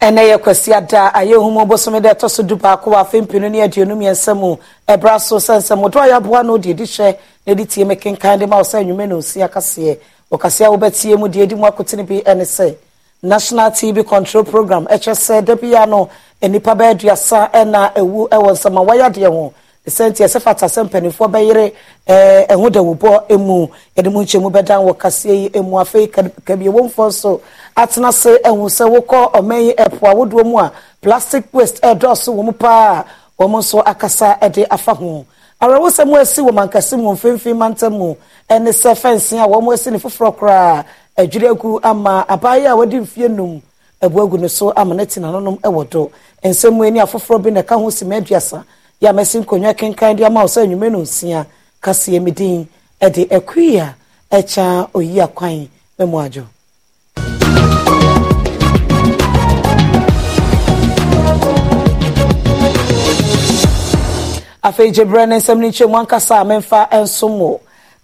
ɛnɛ yɛ kwasi ada ayɛ ohun ɔbɔsɔmi dɛ ɛtɔ so du baako wɔ afe mpinu ne aduonu mmiɛnsa mu ɛbra so sɛnsɛn mu ɔdɔ ayaboa na ɔde edi hyɛ na edi tie mu kankan de ma ɔsɛ nnwuma na osi akaseɛ ɔkaseɛ a wɔbɛtie mu deɛ edi mu akotene bi ɛne sɛ national tv control program ɛkyɛ sɛ dabi ya no nnipa e bɛɛ aduasa ɛna e ewu ɛwɔ e nsɛm a wɔyɛ adeɛ ho sɛnti ɛsɛ fata sɛ mpanimfoɔ bɛyere ɛɛ ɛho dawubɔ emu yɛde mu nkyɛn mu bɛdan wɔ kaseɛ yi emu afei kabiewomfoɔ nso atena se ɛho sɛ wokɔ ɔman yi ɛpo awodoɔ mu a plastic waste ɛdɔɔso eh, wɔn paa wɔn nso akasa ɛde afa ho awerɛwosɛm esi wɔ mankasi mu mfimfin mantam mu ɛne sɛ fɛnsi a wɔn esi ne foforɔ koraa adwiri eh, agu ama abaayewa a wɔde mfie num ɛbu agu ne so ama ne tena nonom ɛwɔ do nsɛm mu ani afoforɔ bi na ɛka ho simaduasa yà mẹsì nkonnwa kankan di ama ọsẹ ẹnwuma no nsia kaseɛ mi din ɛde ɛkuyi a ɛkya oyi akwan mɛmu afei gyebrɛ ne nsɛm no nkyɛn mu ankasa a memfa nsom wɔ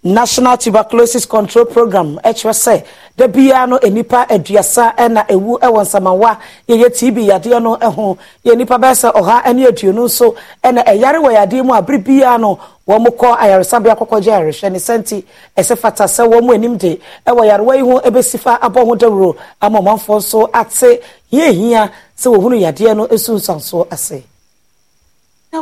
national tuberculosis control program ɛkyerɛ sɛ da biara no nipa aduasa ɛna ewu ɛwɔ nsamawa yɛyɛ tb yadeɛ no ɛho yɛ nipa bɛyɛ sɛ ɔha ɛne aduonu nso ɛna ɛyare wɔ yadeɛ mu abiri biara no wɔn kɔ ayaresabea kɔkɔ gye ayarehwɛ ne sɛnti ɛsɛ fata sɛ wɔn anim de ɛwɔ yarewa yi ho ɛbɛsi fa abɔ ho dawuro ama ɔmanfoɔ nso ate yie hia sɛ wɔhunu yadeɛ no esunsansoɔ ase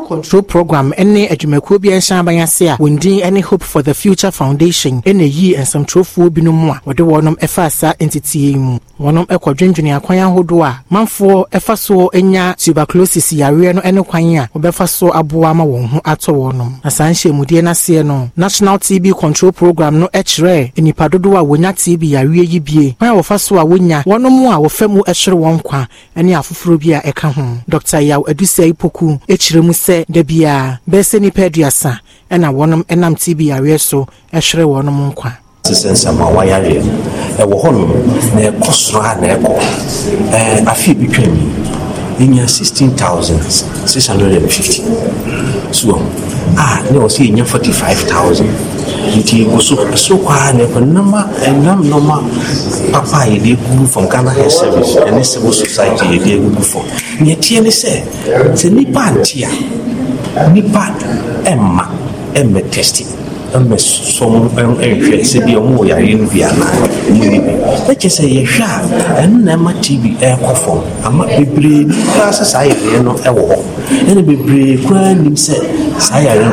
control program ne adwumakuo bi ɛhyɛn aban ase a wɔn din ne hope for the future foundation na yi nsɛmtwerɛfoɔ binom a wɔde wɔnom ɛfa asa nteteɛ yi mu wɔnom ɛkɔ dwendwene akwan ahodoɔ a manfoɔ ɛfa so anya tuberculosis yareɛ no ne kwan a wɔbɛfa so aboa ma wɔn ho atɔ wɔnom na saa nhyɛmudeɛ no aseɛ no national tb control program no kyerɛ nnipa dodoɔ a wɔnya tb yareɛ yi bie kwan a wɔfa so a wɔnya wɔnom a wɔfa mu ɛhyere wɔn kwa ne afoforɔ bi a ɛka ho dr yaw adusai poku kyerɛ mu sɛ sɛ da biara bɛsɛ nnipa aduasa ɛna wɔnom ɛnam tb areɛ so ɛhwere wɔnom nkwa sesɛ nsɛm a wayareɛ ɛwɔ hɔnom na ɛkɔ soro a na ɛkɔ afei bi twam yɛnya 16650 so a ne wɔ sɛ five thousand yiti go so so kwa ne ko nama nam noma papa ye de gu from Ghana Health Service and civil society ye de gu for ye tie ne se se nipa antia nipa emma emma testing ɛmɛ sɔm ɛnhwɛ sɛ bi ɔmo wɔ yare no bi e anaa ɔmo ni bi ɛkyɛ sɛ yɛhwɛ a ɛno na ɛma tv ɛɛkɔ fam ama bebree nipa sɛ saa yɛreɛ no ɛwɔ hɔ ɛna bebree koraa nim sɛ saa yare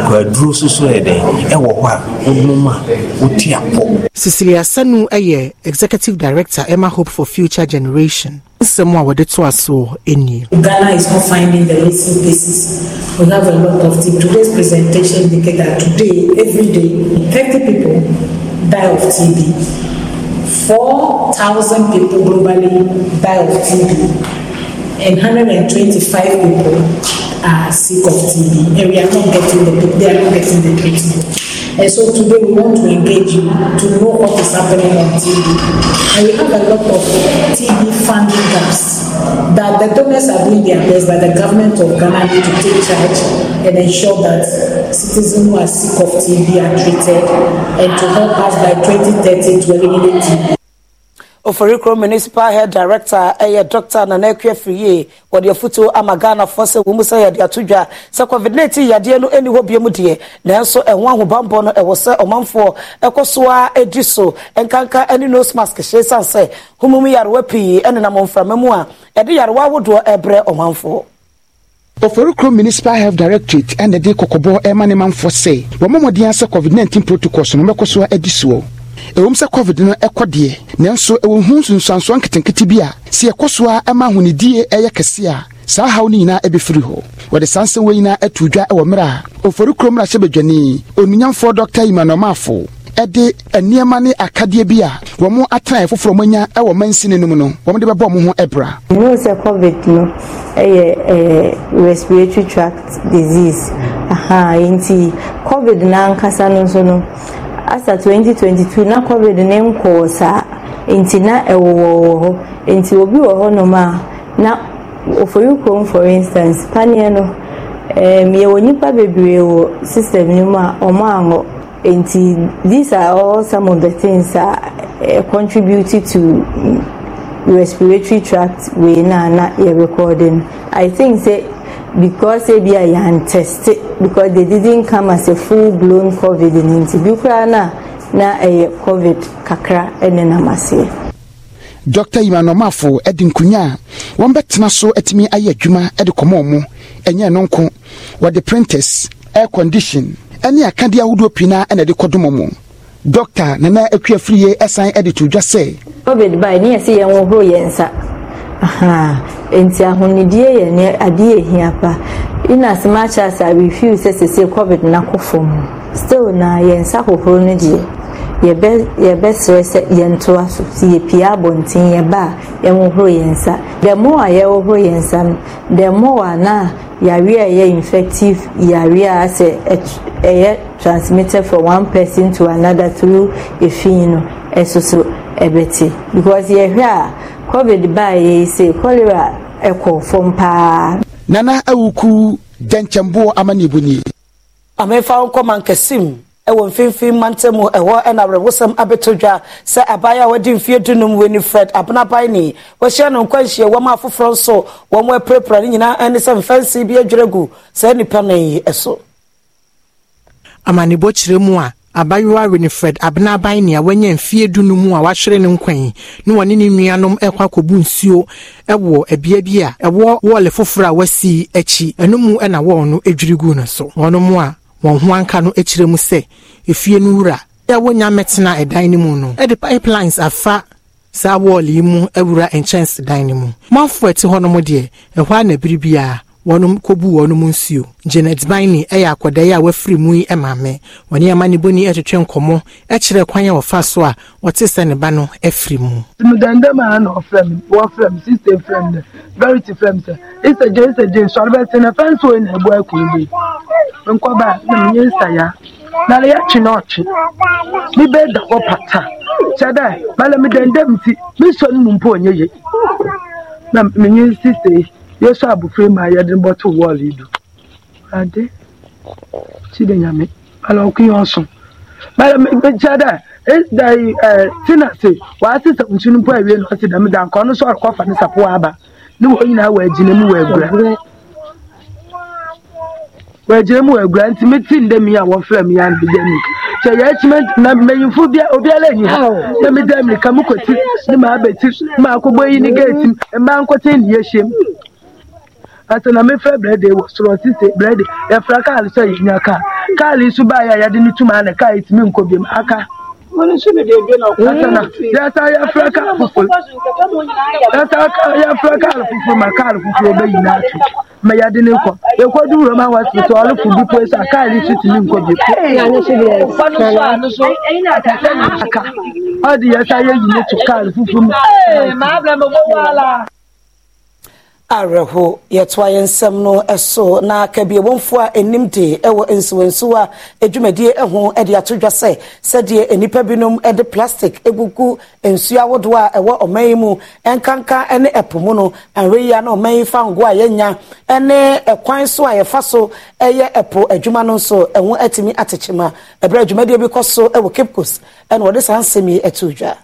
soso yɛ dɛn ɛwɔ hɔ a wonoma wotia pɔ cecilia sanu eh, yɛ executive director emma hope for future generation nsɛm a wɔde to aso nie. ghana is not finding the missing pieces we have a lot of things today's presentation indicate that today every day thirty people die of tb four thousand people globally die of tb and 125 people. are sick of TB and we are not getting the they are not getting the treatment. And so today we want to engage you to know what is happening on TB. And we have a lot of TB funding gaps that the donors are doing their best, but the government of Ghana need to take charge and ensure that citizens who are sick of TB are treated and to help us by 2030 to eliminate TB. oforikuro municipal Health director ɛyɛ eh, dr nana akua firie wɔde afotuo ama ghanafoɔ sɛ wɔn mu sɛ yɛde ato dwa sɛ covid nineteen yadeɛ no ɛni hɔ biemu deɛ nanso ɛho ahobanbɔ no ɛwɔ sɛ ɔmanfoɔ ɛkɔ so a so nkanka ɛne eh, nose mask hyɛ eh, san sɛ homomu yarewa pii ɛnenam mframa mu a ɛde yarewa ahodoɔ ɛbrɛ ɔmanfoɔ oh, oforokuro municipal health directorate ɛna ɛde kɔkɔbɔ ɛma ne manfoɔ sɛ wɔn mmɔden covid 19 protocols no mɛkɔ so a soɔ ɛwom sɛ covid no ɛkɔ deɛ nanso ɛwɔ hu nsunsuansoɔ nketenkete bi a sɛ yɛkɔ so a ɛma ahonidie ɛyɛ kɛse a saa haw no nyinaa ɛbɛfiri hɔ wɔde saa nsɛm wɔ nyinaa atu dwa ɛwɔ mmerɛ a ɔfori kurom rahyɛ badwani onunyamfoɔ dɔkta yimanɔmaafo ɛde nneɛma ne akadeɛ bi a wɔn atenaeɛ foforɔ mo anya ɛwɔ mansini no mu no wɔn de bɛbɔ wɔn ho ɛbra. mo sɛ covid no ɛyɛ respiratory tract disease aha nti covid n'ankasa no nso no asa 2022 na covid ne nkɔɔ saa nti na ɛwɔwɔ wɔ hɔ nti obi wɔ hɔnom a na ofoyi kurom for instance paneɛ no um, yɛwɔ nnipa bebree wɔ system no mu a ɔmo aŋɔ nti these are all some of the things a uh, eh, contribute to respiratory tract wei na na yɛ recording i think say because ebi a yɛn teste because they didn't come as a full blown covid nti bi koraa na na ɛyɛ covid kakra ɛne nam aseɛ. dɔkta yimanɔmaafo ɛde nkunya a wɔn bɛtena so atumi ayɛ adwuma ɛde kɔmɔ mu ɛnyɛ no nko wɔde printers air condition ɛne akadeɛ ahodoɔ pii na ɛna ɛde kɔdɔm mu dɔkta nana atwa firie ɛsan ɛde to dwa sɛ. covid baa ni yɛ si yɛn wɔhoro yɛn nsa. nti ahonidie yɛ ne adeɛ ehia pa ɛna asemakyɛ asa refiw sɛ sese covid n'akɔ fam still na yɛn nsa hohoro no deɛ yɛbɛ yɛbɛsrɛ sɛ yɛntoa so si yɛpie abɔnten yɛba a yɛhohoro yɛn nsa dɛmo a yɛhohoro yɛn nsa no dɛmo a na yare a ɛyɛ infective yare a sɛ ɛyɛ transmitted from one person to another through efin no ɛsoso ɛbɛte because yɛhwɛ a. covid baayɛ yi sɛ cholera ɛkɔ fam paa nana awuku dɛnkyɛmboɔ amanibu nie amefa nkɔma nkɛsim ɛwɔ mfimfin mantam ɛwɔ ɛna awerɛwosɛm abɛto dwa sɛ abaayewa a wadi mfeɛ dunum wɔ ni fred abenaban ni wɔahyia no nkwanhyia wɔn afoforɔ nso wɔn apirapira ne nyinaa ɛne sɛ mfɛnsee bi adwere gu saa nnipa no yi ɛso amanebɔ kyerɛ mu a abayewa winifred abenaban nea mfie du no mu a wahyerɛ ne nkwan ne wɔne ne nuanom ɛkɔ akɔbu nsuo ɛwɔ ɛbea bi a ɛwɔ wɔɔle foforɔ a wasi akyi ɛno mu ɛna wɔn no adwiri gu no so wɔn mu a wɔn ho anka no akyerɛ mu sɛ efie no wura ɛwɔ nyamɛtena ɛdan no mu no ɛde pipelines afa saa wɔɔle yi mu awura nkyɛnse dan no mu mɔfoɔ ɛte hɔ deɛ ɛhɔ a na biribiara wɔnom kɔbu wɔnom nsuo janet biney ɛyɛ akwadaa a wafiri mu yi maame wɔne ama ne boni ɛtwetwe nkɔmmɔ ɛkyerɛ kwan a wɔfa so a wɔte sɛ ne ba no afiri mu medandam na ɔfrɛ me wɔfrɛ me sister frɛ me dɛ verity frɛ me sɛ isagye isagye sɔre bɛte na fɛn so na ɛbɔ akuro bi nkɔba na menyɛ nsaya na ne yɛkye na ɔkye mebɛda hɔ pata kyɛ dɛ mala medandam nti mesɔ no mu mpo ɔnyɛ ye na menye sister yesu abofra mu a yɛde no bɔto wɔɔle yi do ade ti de nyame ala ɔko yɛ ɔso kyɛ dɛ da yi e, ɛɛ e, tina se waase e sa nsu no mpo awie na ɔsi dɛm da nka ɔno nso ɔrekɔfa ne sapo aba ne wɔn nyinaa wɔ agyina mu wɔ agura wɔ agyina mu wɔ agura nti mi ti ndɛ mi a wɔfrɛ mi ya mi mi kyɛ yɛ akyima na mmenyinfo obiara enyi ha na mi dɛ mi ka mu kɔ ti ne ma abɛ ti ne ma akɔbɔ yi ne geeti mmaa nkɔtɛn ni yɛ hyɛm ɛsɛ na mefrɛ brɛde wɔ sorɔ sise brɛde yɛfra kaale sɛ yɛnya kaa kaale nso baa yɛ a yɛde no tuma na kaa ɛtumi nkɔ biam aka yɛsa yɛfrɛ kaale foforɔ yɛsa yɛfrɛ kaale foforɔ ma kaale foforɔ bɛ nyinaa to ma yɛde ne nkɔ yɛkɔdu wura ma wɔsi sɛ ɔlefo bi poe so a kaale nso tumi nkɔ biam aka ɔde yɛsa yɛyi ne to kaale foforɔ mu awerɛho yɛtoa yɛ nsɛm no so na kabiewɔmfoɔ a ɛnim de wɔ nsuwansuw a adwumadie ho de ato dwa sɛ sɛdeɛ nnipa binom de plastic gugu nsu awodoɔ a ɛwɔ ɔman yi mu ɛnkanka ne ɛpo mu no anweyia na ɔman yi fango a yɛanya ne ɛkwan so a yɛfa so yɛ ɛpo adwuma no nso ɛho atumi atekyema ɛberɛ adwumadiɛ bi kɔ so wɔ cape coast ɛna wɔde saa nsɛm yi ato dwa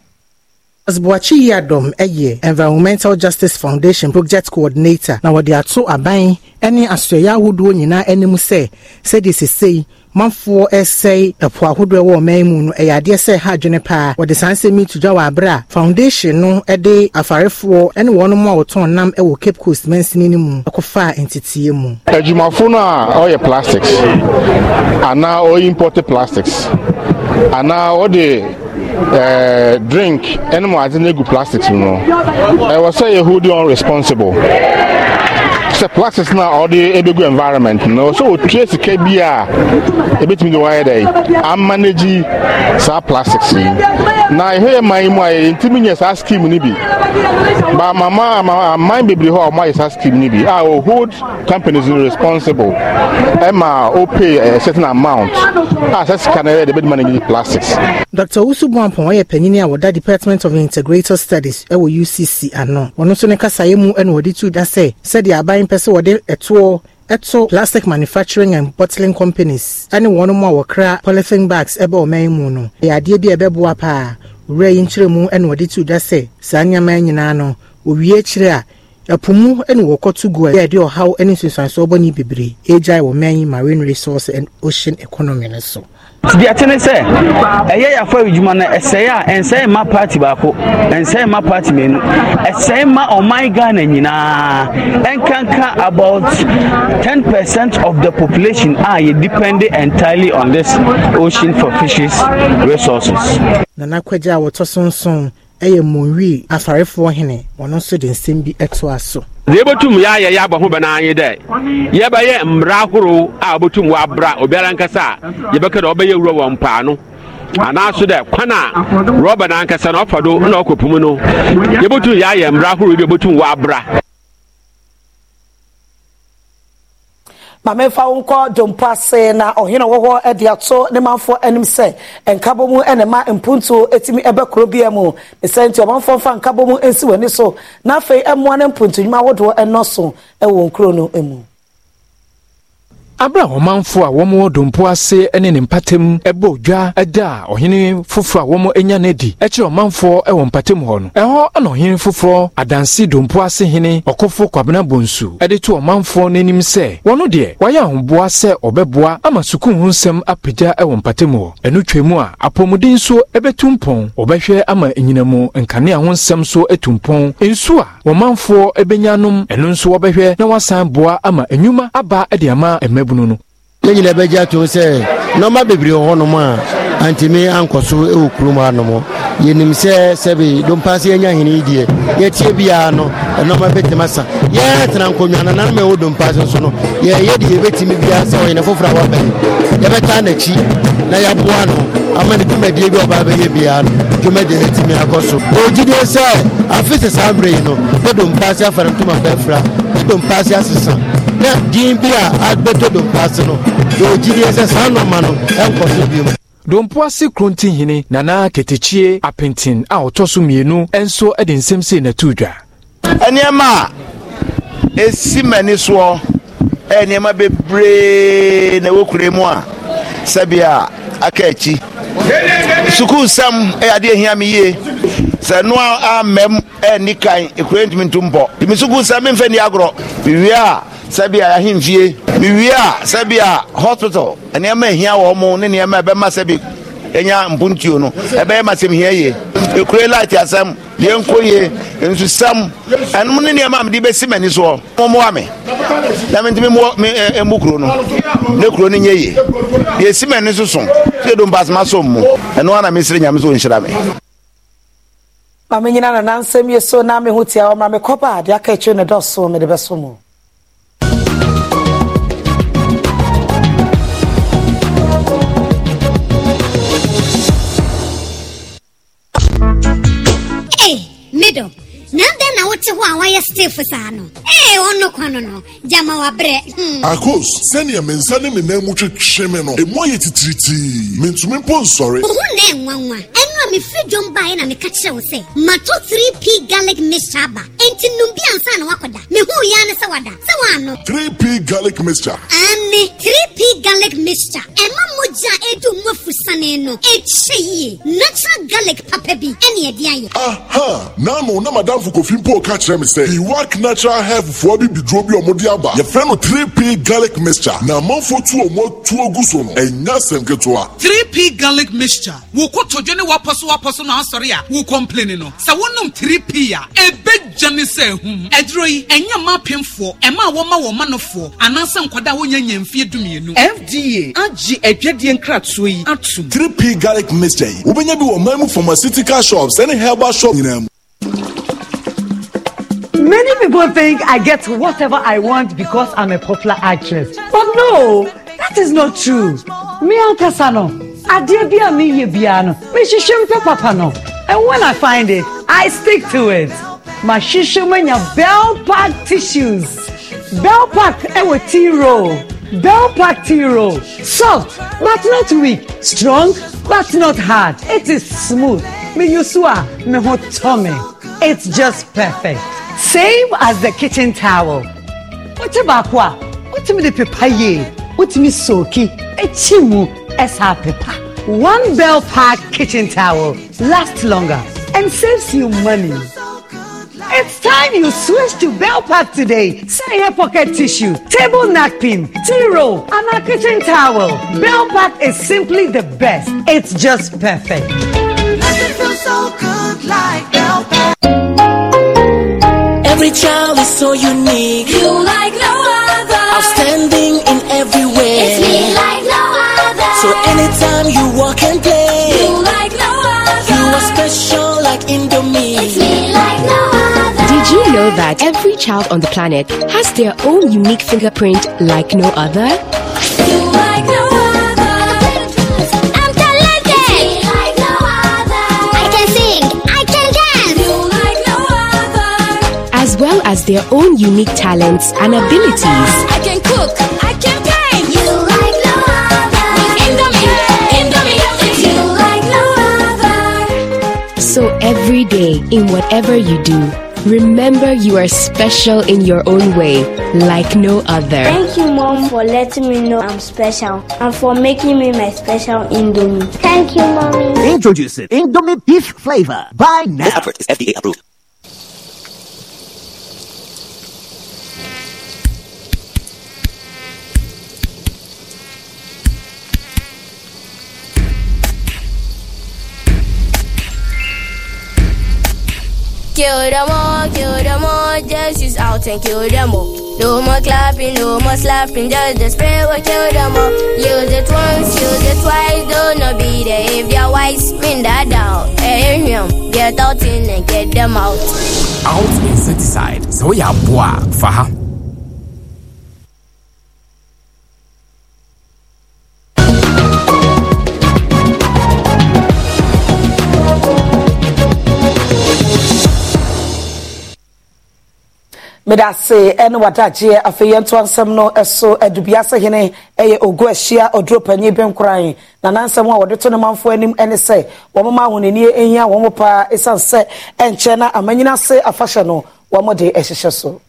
Asbuachi Yadom Eye, Environmental Justice Foundation Project Coordinator, na wɔde ato aban ne asoɛyɛ ahodoɔ nyinaa anim sɛ sɛdeɛ sesei manfoɔ ɛsɛe ɛpo ahodoɔ ɛwɔ ɔman mu no ɛyɛ adeɛ sɛ ha adwene paa wɔde saa nsɛm yi to dwa wɔ abere a foundation no ɛde afarefoɔ ɛne wɔn a wɔtɔn nam ɛwɔ cape coast mansini no mu ɛkɔfaa nteteeɛ mu. adwumafo no a ɔyɛ plastics anaa ɔyɛ imported plastics anaa ɔde uh, drink ɛne mu adze no egu plastics mu no ɛwɔ sɛ yɛ hold you on responsible sɛ plastic na ɔde ebegu environment no so otue sika bi a ebetumi de wayɛ dɛ amanagi saa plastics yi na ehwɛ yɛ man mu a yɛntumi nyɛ saa scheme ni bi ba mama aman bebree hɔ a wɔn ayɛ saa scheme ni bi a o hold companies responsible ɛma o pay a certain amount ah, a sɛ sika na yɛ de ebetumi manage plastics. dr wusu buampɔn ɔyɛ panyin a wɔda department of integrated studies ɛwɔ e ucc ano wɔn nso ne kasaeɛ mu ɛna wɔde tu da sɛ sɛdeɛ aban mpɛ sɛ wɔde ɛtoɔ ɛto plastic manufacturing and bottling companies ɛne wɔn mu a wɔkra polythene bags ɛbɛ ɔman mu no ɛyɛ adeɛ bi a ɛbɛboa paa owura yi nkyerɛ mu ɛna wɔde tu da sɛ saa nneɛma nyinaa no owie akyire a ɛpo mu ɛna wɔkɔto gu a yɛde ɔhaw ɛne nsunsuansoɔ bɔne bebree egyae wɔ man marine resource and ocean economy no so deɛ ne sɛ ɛyɛ yɛafɔ adwuma no ɛsɛe a ɛnsɛe ma party baako ɛnsɛe ma party mmienu ɛsɛe ma ɔman ghana nyinaa ɛnkanka about ten percent of the population a yɛ depend entirely on this ocean for fishes resources nana kwagya a wɔtɔ so nson ɛyɛ monwi afarefoɔ hene wɔno nso de nsɛm bi ɛto aso deɛ yɛbɛtum yɛ ayɛ yɛ abɔ ho bɛna anye dɛ yɛbɛyɛ mmara ahorow a wɔbɛtum wɔabra obiara nkasa a yɛbɛka dɛ ɔbɛyɛ wura wɔ mpaa no anaaso dɛ kwan a rɔba no ankasa na ɔfa do na ɔkɔpum no yɛbɛtum yɛ mmara ahorow bi a wɔbɛtum wɔabra maame mefa nkɔ dompo ase na ɔhene wɔ hɔ de ato ne manfoɔ anim sɛ nkabɔ mu na ma mpuntuo tumi bɛ kuro bia mu ne sɛ nti ɔmanfoɔ fa nkabɔ mu nsi w'ani so na afei mmoa ne mpuntunwuma ahodoɔ nɔ so wɔ nkuro no mu abra wɔn manfo a wɔn dompo ase ne ne mpatam bɔ dwa da a ɔhene foforɔ a wɔn anya no adi kyerɛ ɔmanfoɔ wɔ mpatam hɔ no ɛhɔ na ɔhene foforɔ adanse dompo ase hene ɔkɔfo kwabena bonsu de to ɔmanfoɔ n'anim sɛ wɔn deɛ wɔayɛ ahoboa sɛ ɔbɛboa ama sukuu ho nsɛm apagya wɔ mpatam hɔ ɛno twa mu a apɔmuden nso bɛtu mpɔn wɔbɛhwɛ ama anyinamu nkanea ho nsɛm so atu mpɔn nsu a wɔn manfoɔ bɛnya nom ɛno nso wɔbɛhwɛ na wɔasan boa ama nnwuma aba de ama mmɛb bunu no mɛnyina bɛgya to sɛ nɔma bebree wɔ hɔnom a antimi ankɔ so ɛwɔ kurom hanom yɛnim sɛ sɛbe dompase anya hene yi deɛ yɛtie biara no ɛnɔma bɛtumi asa yɛtena nkonnwa na nan mɛwɔ dompa so nso no yɛyɛ de yɛbɛtumi biara sɛ ɔyɛne foforɔ a wabɛyɛ yɛbɛtaa n'akyi na yɛaboa no ama ne dwumadie bi ɔbaa bɛyɛ biara no dwumadie no atumi akɔ so ɔgyidie sɛ afe sɛ saa mmerɛ yi no ne dompa ase afa no ntoma bɛfra ne dompa ase asesa na din bi a abɛtɔ dompa ase no yɛɔgyidie sɛ saa nɔma no ɛnkɔ so bio dompoase krontinhene nana ketekyie apenten a ɔtɔ so mmienu nso de nsɛm sei n'atu dwa nneɛma a esi m'ani soɔ ɛyɛ nneɛma bebree na ɛwɔ kure mu a sɛbea aka akyi sukuusɛm ɛyɛ adeɛ hia me yie sɛ no a mmɛm ɛyɛ nnikan ɛkura ntumi nto mpɔ tumi sukuusɛm memfɛ ni agorɔ mewie a sɛbea yɛahemfie mewie a sɛbea hospital nneɛma ɛhia wɔ mo ne nneɛma ɛbɛma sɛbe ɛnya mpontuo no ɛbɛyɛ masɛm hia yie ekure light asɛm deɛ nko yie nsusɛm ɛnum ne nneɛma mi de bɛsi m'ani soɔ mo mo wa mi na mi ntumi mo mi ɛ eh, eh, mu kuro no ne kuro no nye yie deɛ si m'ani so so deɛ do mpasoma so mu ɛnu wa na mi siri nyame nhyira mi. maame nyina na nansɛm yɛ so na me ho tia ɔmra mekɔba de aka akyire ne dɔso mede bɛso mu Listo. na ɛdɛn na wote hɔ a wayɛ stefo saa no ee ɔno kwa no no gyama wabrɛ. akos sɛnea me nsa ne me nan mu twetwe me no emu ayɛ titiritii mentumi mpo nsɔre. ohu na ɛnwanwa ɛnu a mefiri dwom baeɛ na meka kyerɛ wo sɛ mato 3p garlic mixture aba enti num bi ansa na wakɔda mehu yia ne sɛ wada sɛ waano. 3p garlic mixture. ane 3p garlic mixture ɛma mogya a edu mu afusane no ekyɛ yie natural garlic papa bi ɛne ɛde ayɛ. aha naanu namada atamfo kofi mpo ka kyerɛ me sɛ iwak natural health foɔ bi biduro bi ɔmo de aba yɛfrɛ no 3p garlic mixture na amanfo tu ɔmo atuo gu so no ɛnya sɛm ketewa 3p garlic mixture wo kotodwe ne wapɔ so wapɔ so na asɔre a wo kɔmpleni no sɛ wonom 3p a ɛbɛgya ne sɛ ɛduro yi ɛnyɛ ma apemfoɔ ɛma a wɔma wɔn manofoɔ anaasɛ nkɔda a wonya nya mfie dumienu fda agye adwadeɛ nkratoɔ yi atom 3p garlic mixture yi wobɛnya bi wɔ man pharmaceutical shops ɛne herbal shop nyinaa mu Many people think I get whatever I want because I'm a popular actress. But no, that is not true. Me ankasa no, adeɛ bi a meyɛ biara papa no. And when I find it, I stick to it. Mahyehyɛ mu anya Bell Pack tissues. Bell Pack ɛwɔ e tea roll. Bell Pack tea roll. Soft but not weak. Strong but not hard. It is smooth. Me use me ho tome. It's just perfect same as the kitchen towel wote baako a wotumi de pepa yie wotumi sooki ekyi mu ɛsa pepa one bell Park kitchen towel lasts longer and saves you money. It's time you switch to Bell Park today. Say your pocket tissue, table napkin, tea roll, and a kitchen towel. Bell Park is simply the best. It's just perfect. every child is so unique. You like no other. Outstanding in every way. It's me like no other. So anytime you walk and play. You like no other. You are special like Indomie. It's me like no other. Did you know that every child on the planet has their own unique fingerprint like no other? as their own unique talents and abilities. I can cook, I can paint. You like no other. Indomie, Indomie, You like no other. So every day, in whatever you do, remember you are special in your own way, like no other. Thank you, Mom, for letting me know I'm special and for making me my special Indomie. Thank you, Mommy. Introducing Indomie Beef Flavor. Buy now. This advert is FDA approved. Kill them all, kill them all, just use out and kill them all. No more clapping, no more slapping, just the spray will kill them all. Use it once, use it twice, don't not be there if they're wise. Bring that down, Hey, him, get out in and get them out. Out insecticide, so ya boah, her. medase ɛne wadagyeɛ afei yɛnto nsɛm no ɛso adubiase hene ɛyɛ ogu ahyia ɔduro panyin benkoran na nansɛm a wɔde to ne manfoɔ anim ɛne sɛ wɔn mma ahonani ehia wɔn paa esiane sɛ ɛnkyɛn na amanyina afahyɛ no wɔn de ɛhyehyɛ so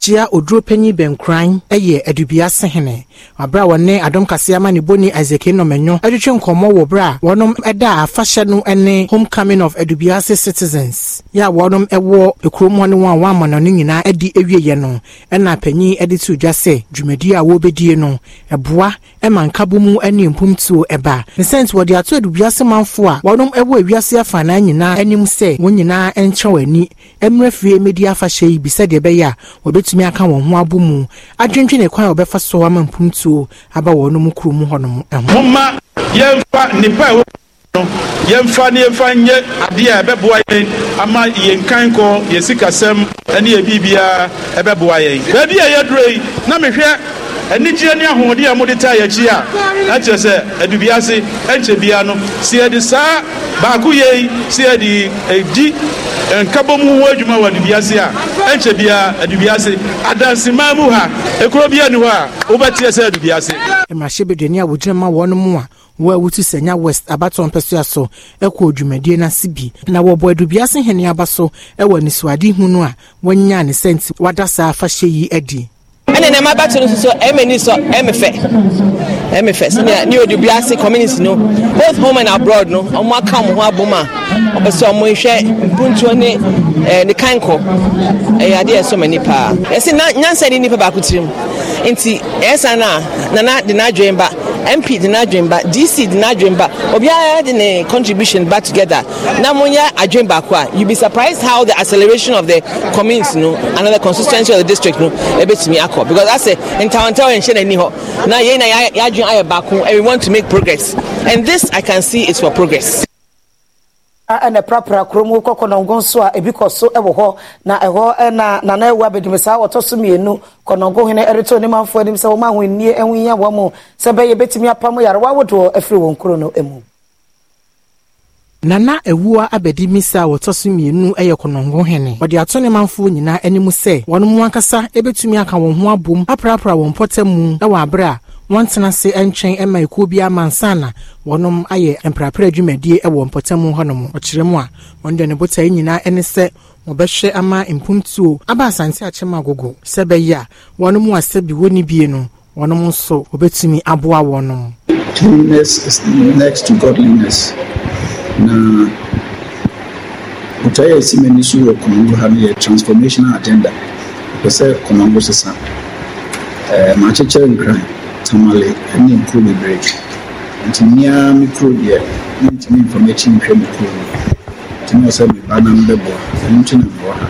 kyia oduro panyin bɛnkran yɛ adubia sehene abere a wɔne adom kaseɛ ama ne boni isaac nnɔmɛnyo atwitwe nkɔmmɔ wɔ bere wɔnom da afahyɛ no ne homecoming of adubiase citizens yɛ a wɔnom wɔ kurom hɔ ne wɔn a wɔamana no nyinaa adi awieɛ no ɛna panyin de to dwa sɛ dwumadi a wɔrebɛdie no ɛboa ma nkabo mu ne mpomtuo ɛba ne sɛnti wɔde ato adubiase manfo a wɔnom wɔ awiase afanan nyinaa anim sɛ wɔn nyinaa nkyɛn wɔn ani mmerɛ fie mmedi afahyɛ yi bi sɛdeɛ ɛbɛyɛ a wɔbɛ wɔbɛtumi aka wɔn ho abɔ mu adwendwene kwan a wɔbɛfa so ama mpomtuo aba wɔn mu kurom hɔnom ɛho. moma yɛmfa nipa ɛwɔ no yɛmfa ne yɛmfa nyɛ adeɛ a ɛbɛboa yɛn ama yɛn kan kɔ yɛn sikasɛm ɛne yɛ biribiara ɛbɛboa yɛn baabi a yɛduro yi na mehwɛ anigyeɛ ne ahoɔden a mode taa yɛakyi a ɛkyerɛ sɛ adubia ase ɛnkyɛ bia no sɛ yɛde saa baako yei sɛ yɛde ɛdi nkabɔmu ho adwuma wɔ adubiase a ɛnkyɛ biara adubiase adansemaa mu ha ekuro bi ani hɔ a wobɛteɛ sɛ adubiase. mmarahyɛ bedwani a wɔgyina ma wɔn mu a wɔn sɛnya west abatɔn pɛsoa so kɔ dwumadie n'ase bi na wɔbɔ adubiase hene aba so wɔ nisuade hu no a wɔnyaa ne sɛ wada saa afahyɛ yi adi ɛne nɛɛma abɛto no nso ɛmɛ ni sɔ ɛmɛ fɛ ɛmɛ fɛ sɛnea ne odi bi ase community no both home and abroad no ɔmo aka ɔmo ho abom a ɔbɛ sɛ ɔmo nhwɛ mpuntuo ne ɛɛ ne kanko ɛyɛ adeɛ ɛsɔ mɛ nipa yɛsi na nyansa ne nipa baako tirim nti ɛsan na nana de n'adwen ba mp de n'adwen ba dc de n'adwen ba obiara de ne contribution ba together na mo nyɛ adwen baako a you be surprised how the acceleration of the community no another consistency of the district no ɛbɛtumi akɔ. baako because asɛ ntawantawa nhyɛ n'ani hɔ na yɛn na yɛadwen ayɛ baako and we want to make progress and this i can see is for progress ɛna prapra kurom nso a ebi e, kɔ so e, wɔ hɔ na ɛhɔ e, na nana wɔtɔ so mmienu hene ɛretɔ ne manfoɔ anim sɛ wɔn ɛho wɔn sɛ bɛyɛ apam yarewa afiri wɔn kuro no mu. nana ewua abedi misa a wɔtɔ so mmienu yɛ nyinaa anim sɛ wɔn mu ankasa ebetumi aka wɔn ho abom aprapra wɔn pɔtɛ mu na wɔ abere a wɔntena ase nkyɛn ɛma ekuo bi ama na ayɛ mprapra dwumadie ɛwɔ mpɔtam hɔnom ɔkyerɛ mu a wɔn de ne nyinaa sɛ wɔbɛhwɛ ama mpuntuo aba asante akyɛm agogo sɛ bɛyɛ a asɛ bi wɔ ne bie na ntaeɛ ɛsi m'ani so wɔ kɔmango ha no yɛ transformational agenda ɛpɛ sɛ kɔmango sesa ɛɛ eh, nkran tamale ne nkuro bebree nti nneɛma me kuro deɛ ne ntumi nfa m'akyi nhwɛ me kuro no ne wɔ sɛ me ba nam bɛboa ɛno nti na mboa ha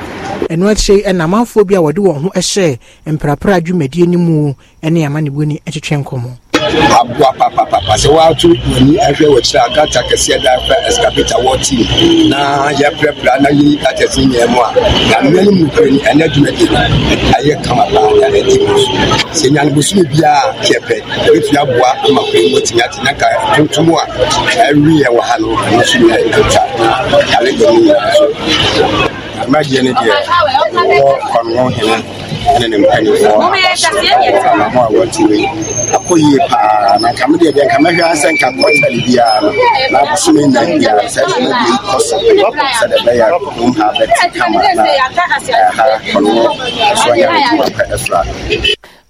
ɛno akyi ɛna amanfoɔ bi a wɔde wɔn ho hyɛ mprapra dwumadie no mu ne amanebɔni twetwe nkɔmmɔ aboa papapapa sɛ wɔato w'ani ahwɛ wɔkyerɛ a gata kɛseɛ da pɛ escapata wɔtim na yɛprɛprɛ na yɛyi gata se mu a nyamea no mu kurani ɛnɛ dwumadi no ɛyɛ kama paa na ɛdi mu so sɛ nyane bosome biaa yɛpɛ ɛbɛtumi aboa ama kwai mu atumi ate na ka tuntum a ɛweyɛ wɔ ha no ɛno so nyɛ ɛta yare dɔm nyinaa so amadeɛ no deɛ wɔ kɔnwɔ hene ɛne ne mpa nifoɔ ama ho a wɔatumi akɔ yie paa na nka medeɛ deɛ nka mɛhwɛ a sɛ nka kɔtale biara no na abosome nna biara sɛ adwuma bi kɔ so sɛde bɛyɛ a kurom ha bɛte kama na ha kɔnɔ so anyɛ no ntuma ɛfra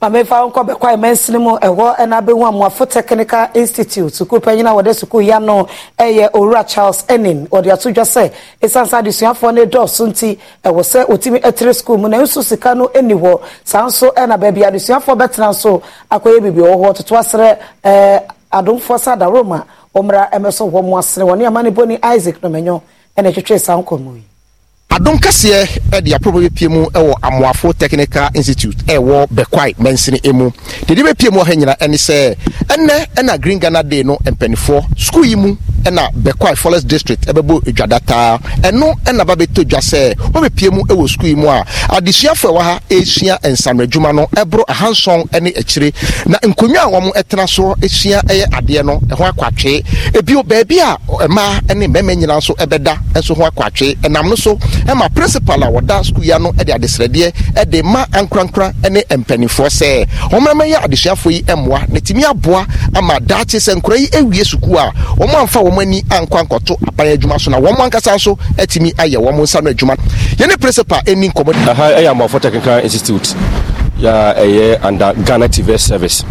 maame mamefa nkɔ bɛkɔ ɛmɛnsini mu ɛwɔ ɛna bɛ wɔn amuafo technical institute sukuu panyin a wɔde sukuu ya no ɛyɛ owura charles enin wɔde ato dwa sɛ esansa adesuafoɔ ne dɔɔso nti ɛwɔ sɛ otimi ɛtiri sukuu mu na nso sika no ɛni hɔ saa nso ɛna baabi adesuafoɔ bɛtena nso akɔyɛ beebi wɔ hɔ toto asrɛ ɛɛ adomfoɔ sadaroma wɔmra ɛmɛ so wɔn mu asene wɔn nneɛma ne bɔ ne isaac nomenyo ɛna ɛtwitwi saa nkɔmɔ yi. adom kɛseɛ ɛde aprobɔ bɛpie mu ɛwɔ amoafo technical institute ɛwɔ bɛkwae mansini emu deɛ deɛ bɛpie mu ɔha nyina ɛne sɛ ɛnɛ ɛna green ghana day no mpanifoɔ sukuu yi mu ɛna bɛkwae forest district ɛbɛbɔ edwa dataa ɛno ɛna ba bɛtɔ dwa sɛ wɔbɛpie mu ɛwɔ sukuu yi mu a adesuafo ɛwɔ ha esua nsanwó adwuma no ɛboro ahanson ɛne akyire na nkonnwa a wɔn ɛtena so esua ɛyɛ adeɛ no ɛho akwatwe ebio baabi a mmaa ɛne mmarima nyinaa nso ɛbɛda ɛnso ho akwatwe ɛnam no so ɛma principal a wɔda school ya no de adesrɛdeɛ de ma ankorankora ne mpanimfoɔ sɛ wɔmmarama yɛ adesuafoɔ yi mmoa na tumi aboa ama daakye sɛ nkora yi awie sukuu a wɔn amfa wɔn ani ankɔ ankɔto aban adwuma so na wɔn ankasa nso atumi ayɛ wɔn nsa no adwuma yɛne principal ani nkɔmmɔ. ɛha yɛ amafo technical institute yɛ ɛyɛ under ghana tv service.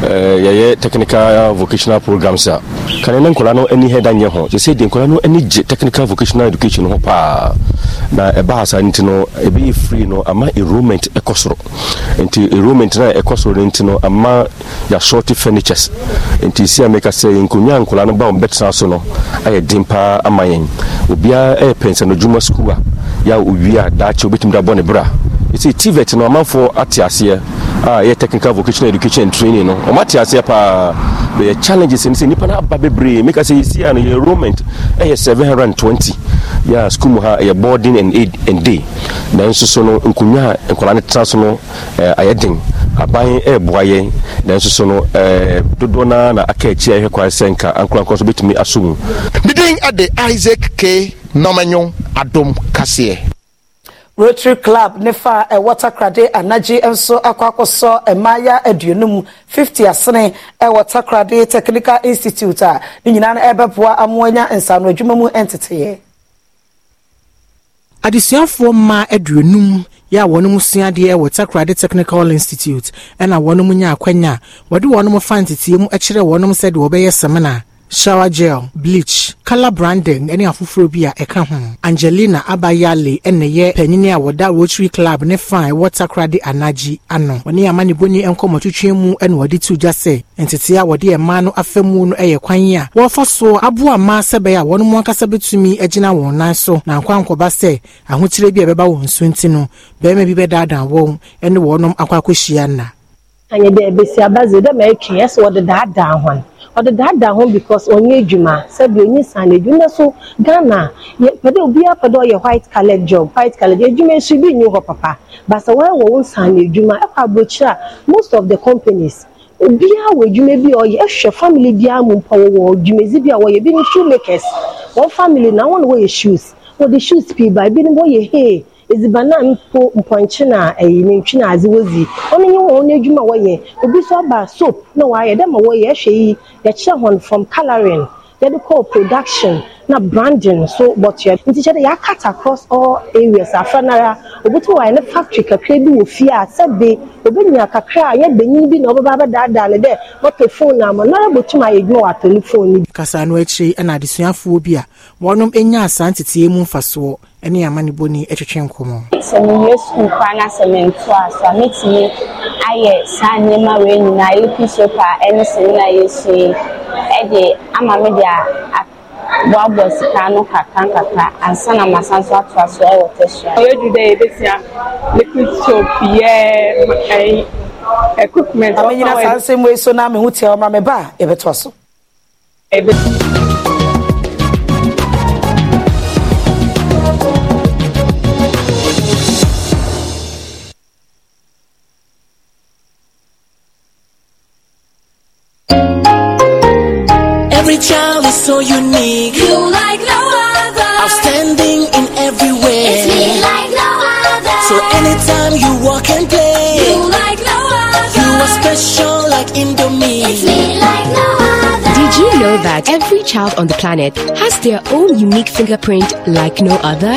Eh, yɛyɛ technical vocational programs a kane ne nkɔla no ani hɛda nyɛ ho sɛ sɛ deɛ nkɔla no ani gye technical vocational education ho paa na ɛbaa saa nti no ɛbɛyɛ free no ama enrollment ɛkɔ soro nti enrollment na a ɛkɔ soro no nti no ama yɛasɔɔte furnitures nti si a meka sɛ nkonnwa a nkɔla no ba wɔn bɛtena so no ayɛ den paa ama yɛn obiara ɛyɛ pɛnsɛ no dwuma school a yɛ a daakye obɛtumi da bɔ ne berɛ a ɛsɛ tvet no amanfoɔ ate aseɛ a ɛyɛ technical vocational education training no ɔma te ase paa bɛyɛ challenges no sɛ nnipa no aba bebree meka sɛ yɛsia no yɛ enrollment ɛyɛ 720 yɛ school mu ha ɛyɛ eh, boarding and aid and day nanso so no nkonnwa a nkwadaa no tena so no eh, ayɛ den aban ɛreboa eh, yɛn nanso so no dodoɔ no na aka akyi a ɛhwɛ kwae sɛ nka ankorankora so bɛtumi aso mu ne din de isaac k nɔmanwo adom kaseɛ rotary club ne fa ɛwɔ eh, takrade anagye nso akɔ akɔsɔ eh, mmaaya aduonum eh, fifty asene ɛwɔ takrade technical institute a ah. ne nyinaa no ɛbɛboa amoanya nsano adwuma mu nteteeɛ. adesuafoɔ mmaa aduonum yɛ a wɔn mu wɔ takoradi technical institute ɛna wɔn mu nya akwanya wɔde wɔn mu fa nteteɛ mu kyerɛ wɔn sɛdeɛ wɔbɛyɛ semina shower gel bleach color branding ne afoforo bi a ɛka ho angelina abayale na ɛyɛ panyini a wɔda rotary club ne fan ɛwɔ de anagye ano wɔne amaniboni nkɔmmɔtwitwe mu na wɔde to gya sɛ ntete a wɔde mmaa no afa mu no ɛyɛ kwan a wɔrefa so aboa mmaa sɛbɛyɛ a wɔn mu ankasa bɛtumi gyina wɔn nan so na nkwa nkɔba sɛ ahokyere bi a ɛbɛba wɔn so nti no bɛrima bi bɛdaadaa wɔn ne wɔn akɔ akɔhyia nna. anyị dị ebesi abazi ma etu ya sị ọ daadaa hụ ɔdedaadaa ho because ɔnyɛ adwuma sɛbi onye san adwuma so ghana pɛdɛ obiara pɛdɛ ɔyɛ white collar job white collar job adwuma nso bi nyi hɔ papa basa wɔn wɔn san adwuma ɛkɔ aburokyire a most of the companies obiara wɔ adwuma bi a ɔyɛ ɛhwɛ family biara mu mpa wɔ dwumadzi bi a wɔyɛ bi ne shoe makers wɔn family na wɔn wɔyɛ shoes wɔde shoes pii ba ebinom wɔyɛ hay. edziban a mpo mpɔnkye na ɛyi eh, ne ntwi na adze wɔdzi ɔno nye wɔn adwuma wɔyɛ obi nso aba soap na wɔayɛ dɛ ma wɔyɛ ɛhwɛ yi yɛkyerɛ wɔn from colouring yɛde kɔɔ production na branding so but yɛ nti kyɛ dɛ yɛ akat across all areas afra nara obi to ne factory kakra bi wɔ fie a sɛ be obi nya kakra a yɛ benyin bi na ɔbɛba abɛdaadaa ne dɛ mɔpɛ phone na mo nara bɔtum ayɛ adwuma wɔ atɔne phone no kasa no akyi ɛna adesuafoɔ bi a wɔnom ɛnya asaa ntetee mu mfasoɔ ɛne amanebɔni ɛtwetwe nkɔmmɔ sɛ mewie sukuu koraa na sɛ mento a so a mɛtumi ayɛ saa nneɛma wei nyinaa yɛpi sopa ɛne sene no a yɛsui ɛde ama mede a boaboa sika no kakra nkakra ansa na masa nso atoa so wɔ tɛhyia yɛdu dɛ yɛbɛsua liquid soap yɛ equipment amenyina saa nsɛm wei so na meho tia ɔma meba a yɛbɛtoa so ɛbɛsi child is so unique. You like no other. Outstanding in every way. It's me like no other. So anytime you walk and play. You like no other. You are special like Indomie. It's me like no other. Did you know that every child on the planet has their own unique fingerprint like no other?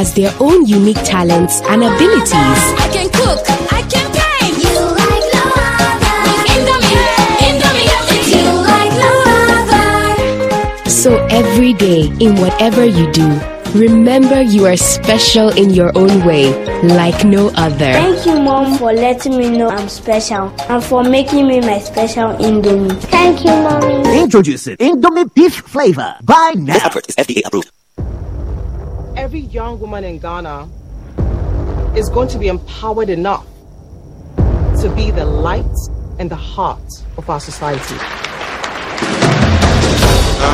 as their own unique talents and abilities. I can cook, I can paint. You like Indomie, Indomie. You like So every day, in whatever you do, remember you are special in your own way, like no other. Thank you, Mom, for letting me know I'm special and for making me my special Indomie. Thank you, Mommy. Introducing Indomie Beef Flavor. By now. This is FDA approved every young woman in Ghana is going to be empowered enough to be the light and the heart of our society.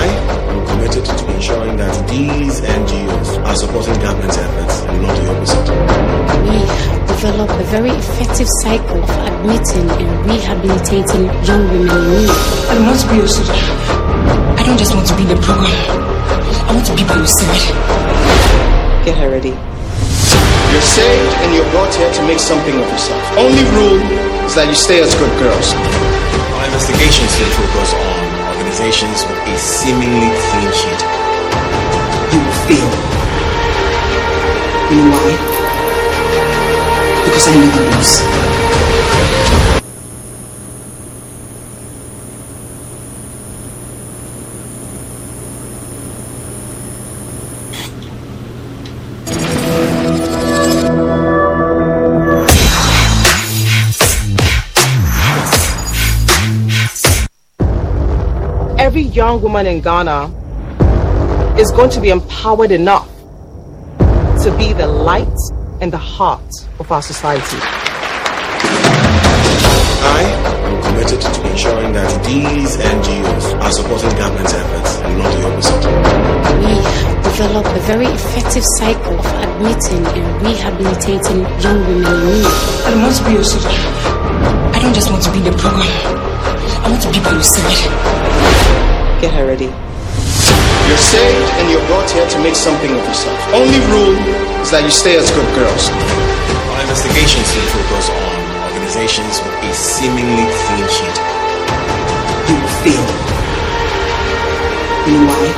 I am committed to ensuring that these NGOs are supporting government's efforts and not the opposite. We have developed a very effective cycle of admitting and rehabilitating young women in need. I must be a soldier. I don't just want to be in the program. I want to be by your side. Get her ready. You're saved and you're brought here to make something of yourself. Only rule is that you stay as good girls. Our investigation still focus on organizations with a seemingly clean sheet. You will fail. You know why? Because I never lose. young woman in Ghana is going to be empowered enough to be the light and the heart of our society. I am committed to ensuring that these NGOs are supporting government efforts and not the opposite. We have developed a very effective cycle of admitting and rehabilitating young women in need. I don't be a soldier. I don't just want to be in the program. I want to be by your side. Get her ready. You're saved and you're brought here to make something of yourself. Only rule is that you stay as good girls. Our investigation seems to goes on. Organizations with a seemingly clean sheet. You will fail. You know why?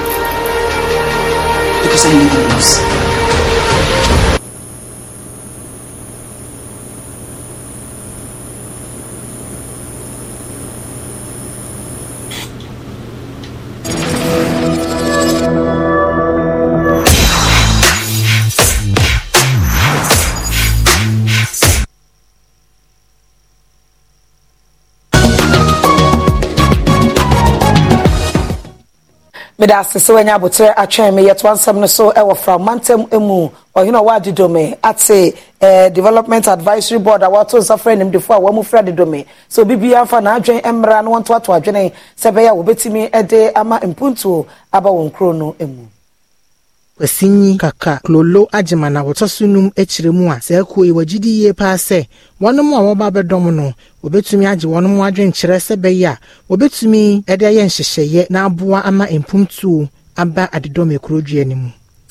Because I never lose. meda ase sɛ wanya abotire atwɛn me yɛtoa nsɛm no so ɛwɔ framantam mu ɔhene ɔwɔ adedome ate development advisory board a wɔato nsa frɛ nimdefoɔ a wɔmu frɛ adedome sɛ obi biara fa n'adwen mmra na wɔntoatoadwene sɛ ɛbɛyɛ a wɔbɛtumi de ama mpuntuo aba wɔn kuro no mu Kwasinyi Kaka Klolo Agyeman a wɔtɔ so num akyire mu a saa kuo yi wɔgyedi yie paa sɛ wɔnom a wɔba abɛdɔm no wobɛtumi agye wɔnom adwenkyerɛ sɛ bɛyɛ a wobɛtumi de ayɛ nhyehyɛeɛ na aboa ama mpuntuo aba adedɔm akurodua no mu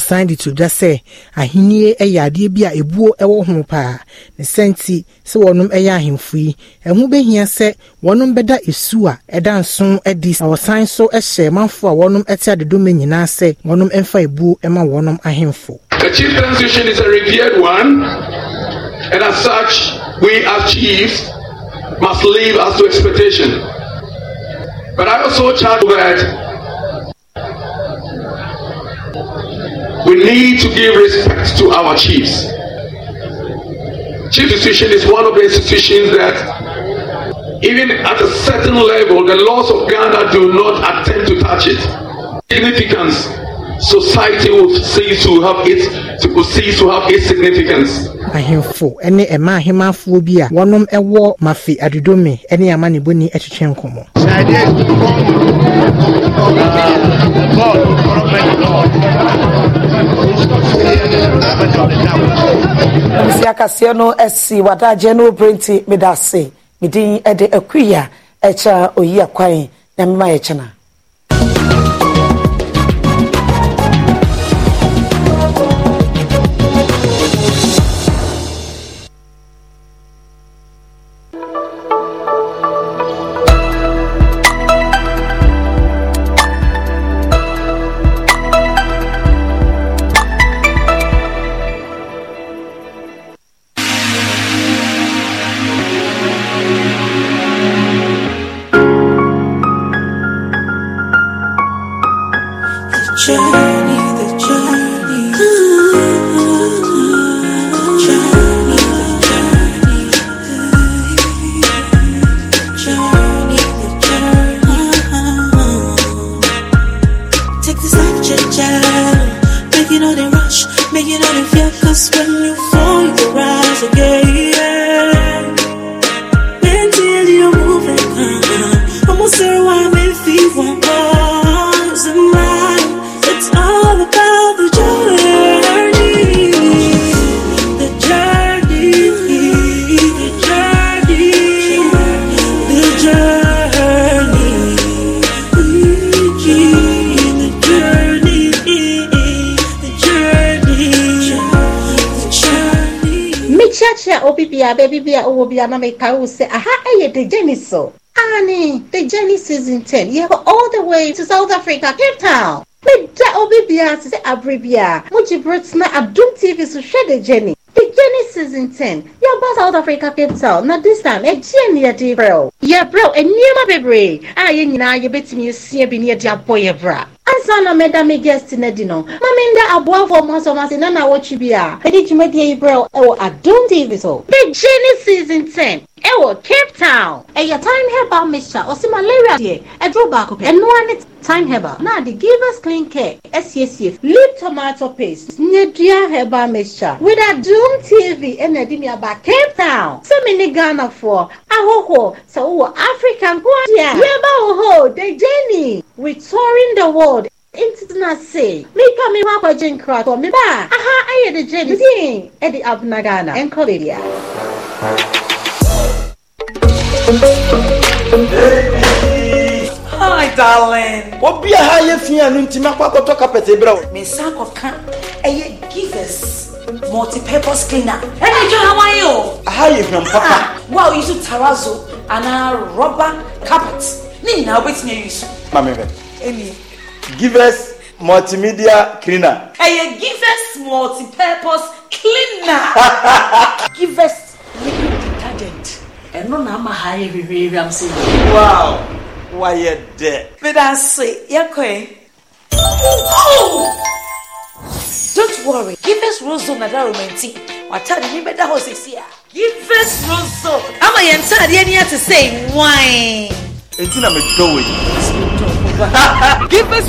ɔsan de to dwa sɛ ahenni yɛ adeɛ bi a ebuo wɔ ho paa ne sɛnti sɛ wɔnom yɛ ahemfo yi ɛho behia sɛ wɔnom bɛda esu a ɛda nso di na wɔsan so hyɛ manfo a wɔnom te adedome nyinaa sɛ wɔnom mfa ebuo ma wɔnom ahemfo. The chief transition is a revered one, and as such, we as chiefs must live as to expectation. But I also charge that We need to give respect to our chiefs. Chief institution is one of the institutions that even at a certain level, the laws of Ghana do not attempt to touch it. Significance society will cease to have its to cease to have its significance. ahemfo ne ɛma ahemafoɔ bi a wɔnom ɛwɔ mafe adodome ne amanebɔni ɛtwetwe nkɔmmɔ nsi akaseɛ no asi wadagyeɛ no wɔbrɛnti meda ase medin ɛde akuyi a ɛkyɛ oyi akwan na mema yɛkyena bia baabi bia wowɔ bia na meka wo sɛ aha ɛyɛ the journey so ane the journey season 10 yɛkɔ all the way to south africa cape town meda obi biara te sɛ aberɛ biara mogye berɛ tena adom tv so hwɛ the journey genesis in ntɛm out of africa cape town na this time A bro. ɛgyeɛ ne yɛde brɛw yɛbrɛw nneɛma you a yɛn nyinaa yɛbɛtumi asia bi ne yɛde abɔ yɛbra ansa na mɛda me guest no di no ma months. aboafoɔ mu asɔm ase na nawɔtwe bi a make the bro? Oh, I don't even hɔ The Genesis in 10 ɛwɔ cape town ɛyɛ time herbal mixture ɔsi malaria deɛ ɛduro baako pɛ ɛnoa ne time herbal na de givers clean care ɛsiesie lip tomato paste nyedua herbal mixture with a doom tv ɛna ɛdi mi aba cape town sɛmi ne ghana foɔ ahoho sɛ wowɔ africa nko adeɛ yɛba wɔ hɔ the journey with touring the world ntina se mipa mi ho akɔgye nkuratɔ mi ba aha ayɛ de gye de din ɛde abuna ghana ɛnkɔ beebi a. Hi, darling. What be a high fee and intimate to carpet, bro? Miss Sankoka, a us multi-purpose cleaner. And I how are you? How you from Papa? Wow, you should terrazzo and a rubber carpet. Nina, wait near you. Mammy, Amy. us multimedia cleaner. give us multi-purpose cleaner. Ah, give us liquid detergent ɛno na ama ha yɛ hwehwɛwiam sɛ wow wayɛ dɛ meda yɛkɔe Don't worry, give us Roseau na that romantic. Watade ni bɛda hɔ sisi a. Give us Roseau. Ama yɛn ntaadeɛ ni ate sɛ wine. Eti na mi dɔwɔ yi. Give us